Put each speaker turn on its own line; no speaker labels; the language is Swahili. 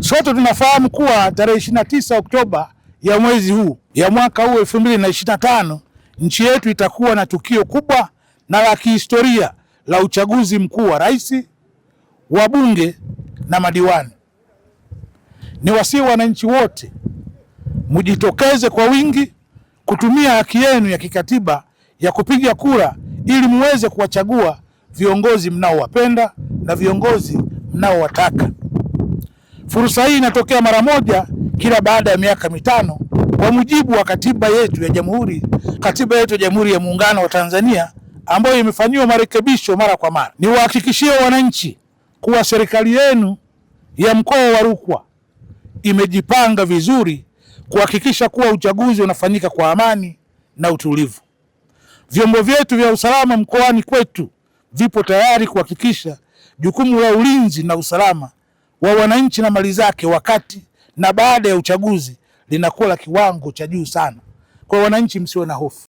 Sote tunafahamu kuwa tarehe 29 Oktoba ya mwezi huu ya mwaka huu 2025 nchi yetu itakuwa na tukio kubwa na la kihistoria la uchaguzi mkuu wa rais, bunge na madiwani. Ni wasihi wananchi wote mjitokeze kwa wingi kutumia haki yenu ya kikatiba ya kupiga kura ili muweze kuwachagua viongozi mnaowapenda na viongozi mnaowataka. Fursa hii inatokea mara moja kila baada ya miaka mitano kwa mujibu wa katiba yetu ya jamhuri, katiba yetu ya Jamhuri ya Muungano wa Tanzania ambayo imefanyiwa marekebisho mara kwa mara. Niwahakikishie wananchi kuwa serikali yenu ya mkoa wa Rukwa imejipanga vizuri kuhakikisha kuwa uchaguzi unafanyika kwa amani na utulivu. Vyombo vyetu vya usalama mkoani kwetu vipo tayari kuhakikisha jukumu la ulinzi na usalama wa wananchi na mali zake wakati na baada ya uchaguzi linakuwa la kiwango cha juu sana. Kwa wananchi, msiwe na hofu.